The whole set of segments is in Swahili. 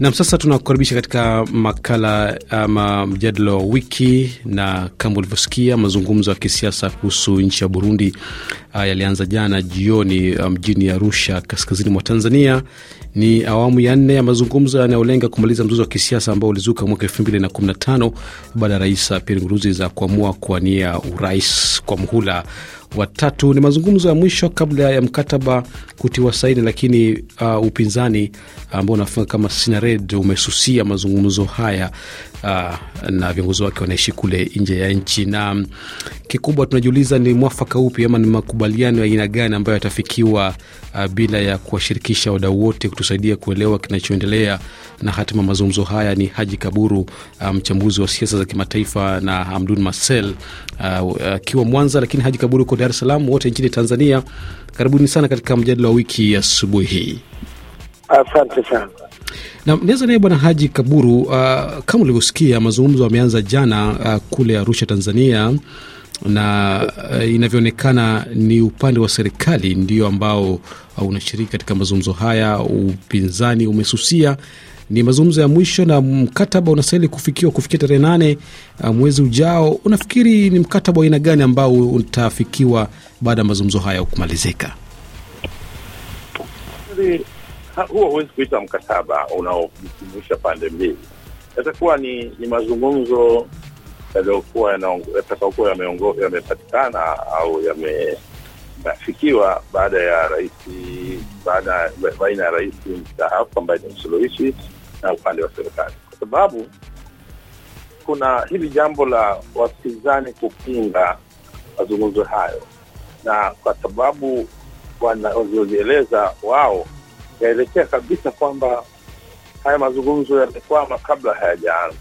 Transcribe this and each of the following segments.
Nam, sasa tunakukaribisha katika makala ama mjadala wa wiki, na kama ulivyosikia mazungumzo ya kisiasa kuhusu nchi ya Burundi yalianza jana jioni uh, mjini um, Arusha, kaskazini mwa Tanzania. Ni awamu ya nne ya mazungumzo yanayolenga kumaliza mzozo wa kisiasa ambao ulizuka mwaka elfu mbili na kumi na tano baada ya Rais Pierre Nkurunziza kuamua kuwania urais kwa mhula watatu. Ni mazungumzo ya mwisho kabla ya mkataba kutiwa saini, lakini uh, upinzani ambao unafunga kama Sinared umesusia mazungumzo haya uh, na viongozi wake wanaishi kule nje ya nchi. Na mm, kikubwa tunajiuliza ni mwafaka upi ama ni makubaliano ya aina gani ambayo yatafikiwa uh, bila ya kuwashirikisha wadau wote, kutusaidia kuelewa kinachoendelea na hatima mazungumzo haya. Ni Haji Kaburu, ah, mchambuzi um, wa siasa za kimataifa na Hamdun Marcel akiwa uh, uh, Mwanza, lakini Haji Kaburu uko Dar es Salaam, wote nchini Tanzania. Karibuni sana katika mjadala wa wiki asubuhi hii. Asante sana. Nam nianza naye Bwana Haji Kaburu. Uh, kama ulivyosikia mazungumzo ameanza jana uh, kule Arusha, Tanzania na uh, inavyoonekana ni upande wa serikali ndio ambao uh, unashiriki katika mazungumzo haya. Upinzani umesusia. Ni mazungumzo ya mwisho na mkataba unastahili kufikiwa kufikia tarehe nane uh, mwezi ujao. Unafikiri ni mkataba wa aina gani ambao utafikiwa baada ya mazungumzo haya kumalizika? huo huwezi kuita mkataba unaojumuisha pande mbili, yatakuwa ni, ni mazungumzo yaliyokuwa yatakaokuwa yamepatikana au yameafikiwa baada ya rais baina ya rais mstaafu ambaye ni msuluhishi na upande wa serikali, kwa sababu kuna hili jambo la wapinzani kupinga mazungumzo hayo, na kwa sababu wanavyozieleza wao yaelekea kabisa kwamba haya mazungumzo yamekwama kabla hayajaanza,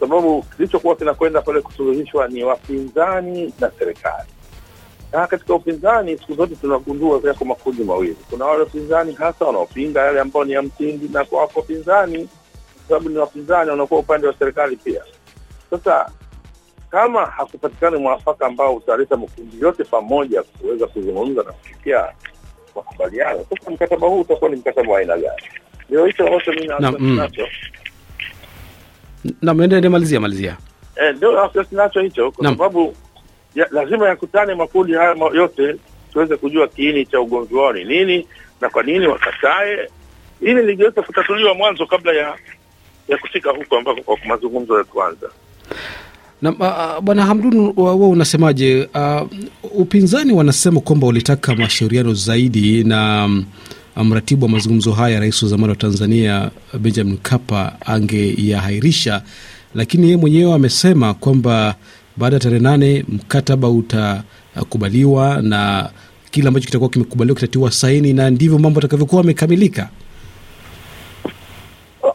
sababu kilichokuwa kinakwenda pale kusuluhishwa ni wapinzani na serikali. Na katika upinzani siku zote tunagundua yako makundi mawili. Kuna wale wapinzani hasa wanaopinga yale ambao ni ya msingi, na kwa wako wapinzani, kwa sababu ni wapinzani wanakuwa upande wa serikali pia. Sasa kama hakupatikani mwafaka ambao utaleta makundi yote pamoja kuweza kuzungumza na kufikia makubaliano. Sasa mkataba huu utakuwa ni mkataba wa aina gani? Ndio hicho ambacho mi nacho nam ende malizia malizia ndio eh, wasiwasi nacho hicho, kwa sababu ya, lazima yakutane makundi haya yote tuweze kujua kiini cha ugomvi wao ni nini na kwa nini wakatae. Ili lingeweza kutatuliwa mwanzo kabla ya ya kufika huko ambako kwa mazungumzo ya kwanza. Na uh, ah, ah, bwana Hamdun, wewe unasemaje? uh, upinzani wanasema kwamba walitaka mashauriano zaidi na um, mratibu wa mazungumzo haya, rais wa zamani wa Tanzania Benjamin Mkapa angeyahairisha, lakini yeye mwenyewe amesema kwamba baada ya tarehe nane mkataba utakubaliwa na kile ambacho kitakuwa kimekubaliwa kitatiwa saini na ndivyo mambo atakavyokuwa amekamilika.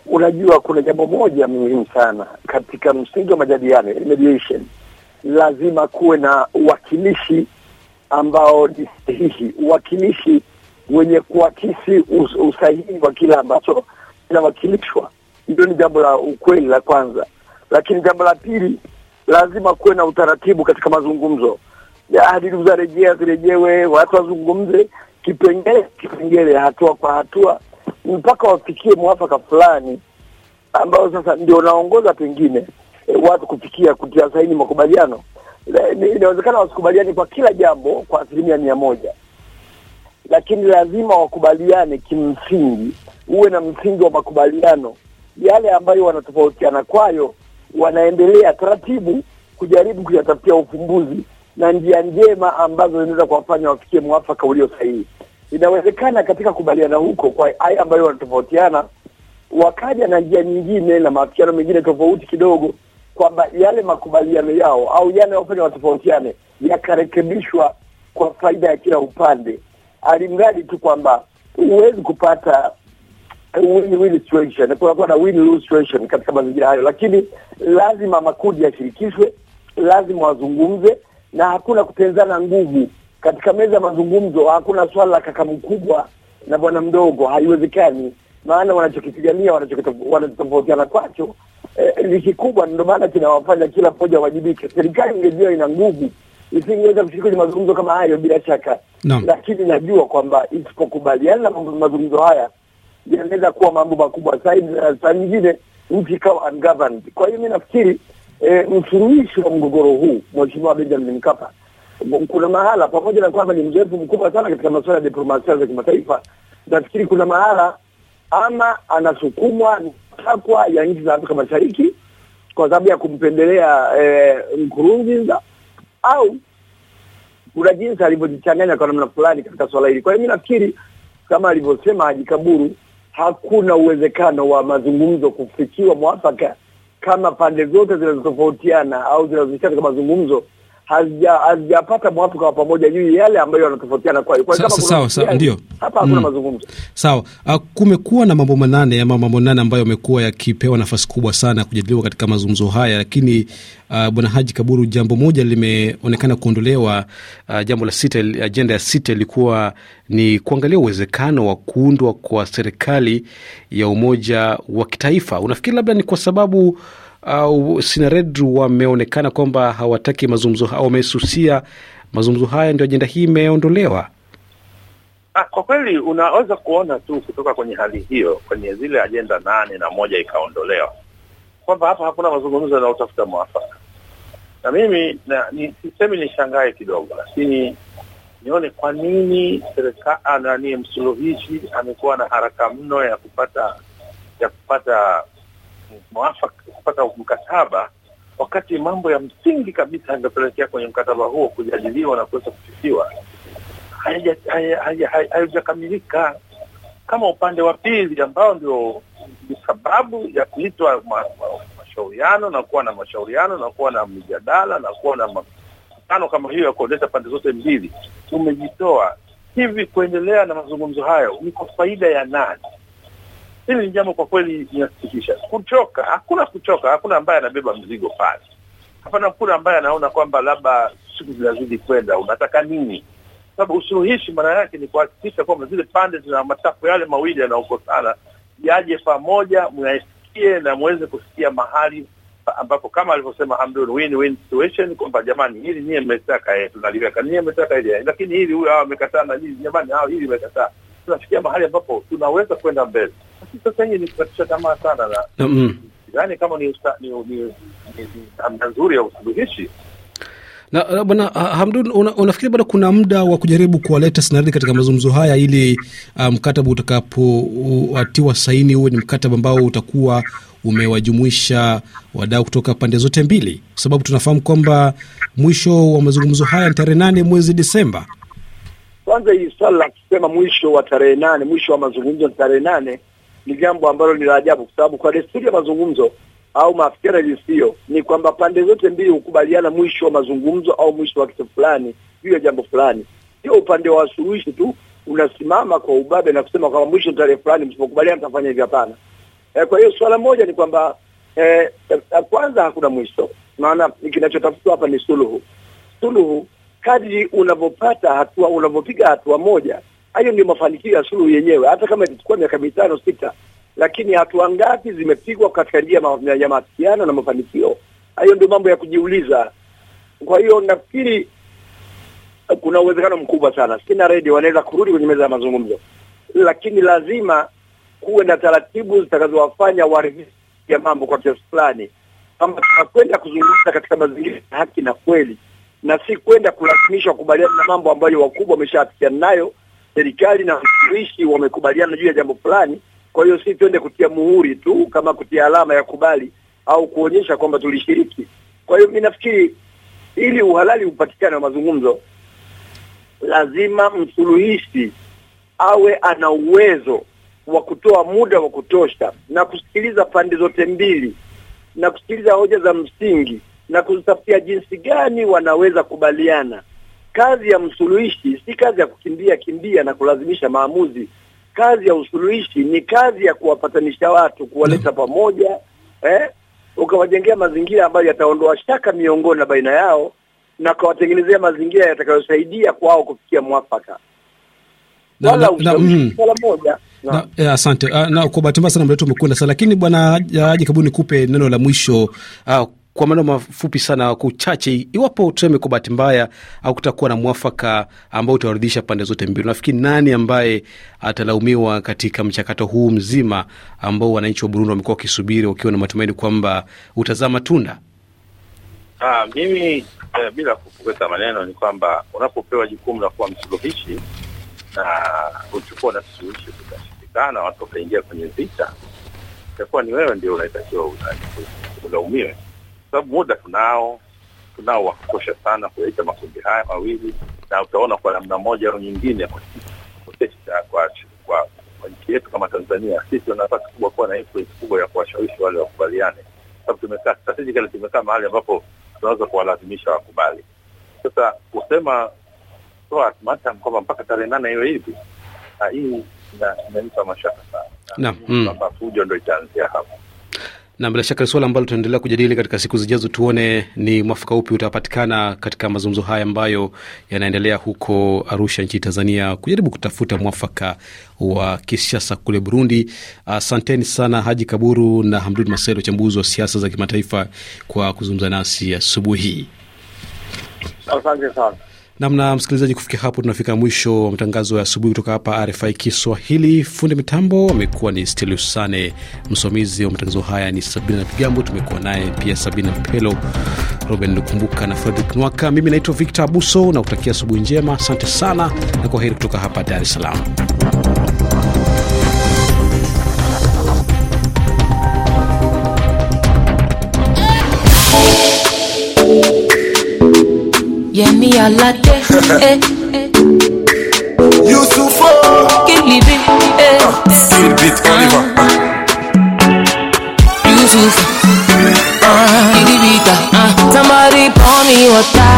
Unajua, kuna jambo moja muhimu sana katika msingi wa majadiliano, mediation lazima kuwe na uwakilishi ambao ni sahihi, uwakilishi wenye kuakisi us usahihi wa kile ambacho kinawakilishwa. Hilo ni jambo la ukweli la kwanza, lakini jambo la pili, lazima kuwe na utaratibu katika mazungumzo. Ahadi za rejea zirejewe, watu wazungumze kipengele kipengele, hatua kwa hatua, mpaka wafikie mwafaka fulani ambao sasa ndio unaongoza pengine watu kufikia kutia saini makubaliano, inawezekana wasikubaliane kwa kila jambo kwa asilimia mia moja, lakini lazima wakubaliane kimsingi. Uwe na msingi wa makubaliano yale ambayo wanatofautiana kwayo, wanaendelea taratibu kujaribu kuyatafutia ufumbuzi na njia njema ambazo zinaweza kuwafanya wafikie mwafaka ulio sahihi. Inawezekana katika kubaliana huko kwa haya ambayo wanatofautiana, wakaja na njia nyingine na maafikiano mengine tofauti kidogo kwamba yale makubaliano yao au yale wafanya watofautiane yakarekebishwa kwa faida ya kila upande, alimradi tu kwamba huwezi kupata win-win situation, kunakuwa na win-lose situation katika mazingira hayo, lakini lazima makundi yashirikishwe, lazima wazungumze, na hakuna kutenzana nguvu katika meza ya mazungumzo. Hakuna swala la kaka mkubwa na bwana mdogo, haiwezekani. Maana wanachokipigania wanachotofautiana kwacho eh, ni kikubwa, ndio maana kinawafanya kila mmoja wajibike. Serikali ingejua ina nguvu isingeweza kushiriki kwenye mazungumzo kama hayo bila shaka no. Lakini najua kwamba isipokubaliana na mazungumzo haya yanaweza kuwa mambo makubwa zaidi, na saa nyingine nchi ikawa ungoverned. Kwa hiyo mi nafikiri e, eh, msuluhishi wa mgogoro huu Mheshimiwa Benjamin Mkapa kuna mahala, pamoja na kwamba ni mzoefu mkubwa sana katika masuala ya diplomasia za kimataifa, nafikiri kuna mahala ama anasukumwa takwa ya nchi za Afrika Mashariki kwa sababu ya kumpendelea e, Nkurunziza au kuna jinsi alivyojichanganya kwa namna fulani katika swala hili. Kwa hiyo mimi nafikiri kama alivyosema Haji Kaburu, hakuna uwezekano wa mazungumzo kufikiwa mwafaka kama pande zote zinazotofautiana au zinazoishia katika mazungumzo hazijapata mwafaka wa pamoja juu yale ambayo yanatofautiana kwao. Kwa sawa sawa sawa, ndio hapa hakuna mm, mazungumzo sawa. Uh, kumekuwa na mambo manane ama mambo nane ambayo yamekuwa yakipewa nafasi kubwa sana kujadiliwa katika mazungumzo haya, lakini uh, bwana Haji Kaburu, jambo moja limeonekana kuondolewa. Uh, jambo la sita, ajenda ya sita ilikuwa ni kuangalia uwezekano wa kuundwa kwa serikali ya umoja wa kitaifa. Unafikiri labda ni kwa sababu au Sinared wameonekana kwamba hawataki mazungumzo, wamesusia mazungumzo haya, ndio ajenda hii imeondolewa. Ah, kwa kweli unaweza kuona tu kutoka kwenye hali hiyo, kwenye zile ajenda nane na moja ikaondolewa, kwamba hapa hakuna mazungumzo yanayotafuta mwafaka. Na mimi sisemi nishangae kidogo, lakini nione kwa nini serikali ah, nani msuluhishi amekuwa na haraka mno ya kupata ya kupata mwafaka kupata mkataba, wakati mambo ya msingi kabisa yangepelekea kwenye mkataba huo kujadiliwa na kuweza kufikiwa hayajakamilika. Kama upande wa pili ambao ndio sababu ya kuitwa mashauriano na kuwa na mashauriano na kuwa na mijadala na kuwa na mikutano kama hiyo ya kuonyesha pande zote mbili, umejitoa hivi, kuendelea na mazungumzo hayo ni kwa faida ya nani? hili ni jambo kwa kweli linasikitisha. Kuchoka hakuna, kuchoka hakuna ambaye anabeba mzigo pale, hapana. Hakuna ambaye anaona kwamba labda siku zinazidi kwenda, unataka nini? Sababu usuluhishi maana yake ni kuhakikisha kwamba zile pande zina matafu yale mawili yanaokosana yaje pamoja, muyasikie na mweze kusikia mahali ambapo kama alivyosema Hamdun, win-win situation kwamba jamani, hili niye mmetaka, eh, tunaliweka niye mmetaka ili eh, lakini hili huyo hawa amekataa na jamani, hao hili imekataa tunafikia mahali ambapo tunaweza kwenda mbele. Lakini sasa hii ni kukatisha tamaa sana, na sidhani kama ni namna nzuri ya usuluhishi. Na bwana Hamdun, unafikiri bado kuna muda wa kujaribu kuwaleta SNARD katika mazungumzo haya ili uh, mkataba um, utakapoatiwa uh, saini huwe ni mkataba ambao utakuwa umewajumuisha wadau kutoka pande zote mbili, kwa sababu tunafahamu kwamba mwisho wa mazungumzo haya ni tarehe nane mwezi Desemba. Kwanza hii swala la kusema mwisho wa tarehe nane, mwisho wa mazungumzo ni tarehe nane ni jambo ambalo ni la ajabu, kwa sababu kwa desturi ya mazungumzo au maafikiano yasiyo ni kwamba pande zote mbili hukubaliana mwisho wa mazungumzo au mwisho wa kitu fulani juu ya jambo fulani. Sio upande wa wasuluhishi tu unasimama kwa ubabe na kusema kwamba mwisho tarehe fulani, msipokubaliana mtafanya hivi. Hapana. E, kwa hiyo swala moja ni kwamba e, kwanza hakuna mwisho, maana kinachotafutwa hapa ni suluhu. Suluhu kadri unavyopata hatua, unavyopiga hatua moja, hayo ndio mafanikio ya suluhu yenyewe, hata kama itachukua miaka mitano sita, lakini hatua ngapi zimepigwa katika njia ya maafikiano na mafanikio? Hayo ndio mambo ya kujiuliza. Kwa hiyo nafikiri eh, kuna uwezekano mkubwa sana, sina redi wanaweza kurudi kwenye meza ya mazungumzo, lakini lazima kuwe na taratibu zitakazowafanya waridhishe ya mambo kwa kiasi fulani, kama tunakwenda kuzungumza katika mazingira ya haki na kweli na si kwenda kulazimishwa kukubaliana na mambo ambayo wakubwa wameshaafikiana nayo, serikali na msuluhishi wamekubaliana juu ya jambo fulani. Kwa hiyo si twende kutia muhuri tu kama kutia alama ya kubali au kuonyesha kwamba tulishiriki. Kwa hiyo mi nafikiri ili uhalali upatikane wa mazungumzo, lazima msuluhishi awe ana uwezo wa kutoa muda wa kutosha na kusikiliza pande zote mbili na kusikiliza hoja za msingi na kutafutia jinsi gani wanaweza kubaliana. Kazi ya msuluhishi si kazi ya kukimbia kimbia na kulazimisha maamuzi. Kazi ya usuluhishi ni kazi ya kuwapatanisha watu, kuwaleta pamoja eh, ukawajengea mazingira ambayo yataondoa shaka miongoni na baina yao na kuwatengenezea mazingira yatakayosaidia kwao kufikia mwafaka. Mm. Eh, asante. Ah, na kwa bahati mbaya sana muda wetu umekwenda sana, lakini bwana Haji Kabuni, kupe neno la mwisho uh, kwa maneno mafupi sana, kwa uchache, iwapo tuseme kwa bahati mbaya au kutakuwa na mwafaka ambao utawaridhisha pande zote mbili, nafikiri nani ambaye atalaumiwa katika mchakato huu mzima ambao wananchi wa Burundi wamekuwa wakisubiri wakiwa na matumaini kwamba utazaa matunda? Ah, mimi eh, bila kupokeza maneno ni kwamba unapopewa jukumu la kuwa msuluhishi na kuchukua na suluhishi kutashindikana, watu wataingia kwenye vita, itakuwa ni wewe ndio unatakiwa ulaumiwe sababu muda tunao, tunao wa kutosha sana kuyaita makundi haya mawili, na utaona kwa namna moja au nyingine kwa kwa nchi yetu kama Tanzania, sisi nafasi kubwa kuwa na influence kubwa ya kuwashawishi wale wakubaliane, sababu tumekaa strategically, tumekaa mahali ambapo tunaweza kuwalazimisha wakubali. Sasa kusema kwamba mpaka tarehe nane iwe hivi, hii inanipa mashaka sana, na mm. fujo ndo itaanzia hapo na bila shaka ni suala ambalo tunaendelea kujadili katika siku zijazo, tuone ni mwafaka upi utapatikana katika mazungumzo haya ambayo yanaendelea huko Arusha nchini Tanzania, kujaribu kutafuta mwafaka wa kisiasa kule Burundi. Asanteni uh, sana Haji Kaburu na Hamdun Masel, wachambuzi wa siasa za kimataifa, kwa kuzungumza nasi asubuhi. Asante sana. Namna msikilizaji, kufikia hapo tunafika mwisho wa matangazo ya asubuhi kutoka hapa RFI Kiswahili. Fundi mitambo amekuwa ni Steliusane, msimamizi wa matangazo haya ni Sabina na Pigambo, tumekuwa naye pia Sabina Pelo, roben Lukumbuka na Fredrik Nwaka. Mimi naitwa Victor Abuso na kutakia asubuhi njema. Asante sana na kwa heri kutoka hapa Dar es Salaam. Yemi à la terre. Eh. Youssoufo. Kilibé. Eh. Kilibit, on y va. Youssouf. Kilibita. Somebody pour me water.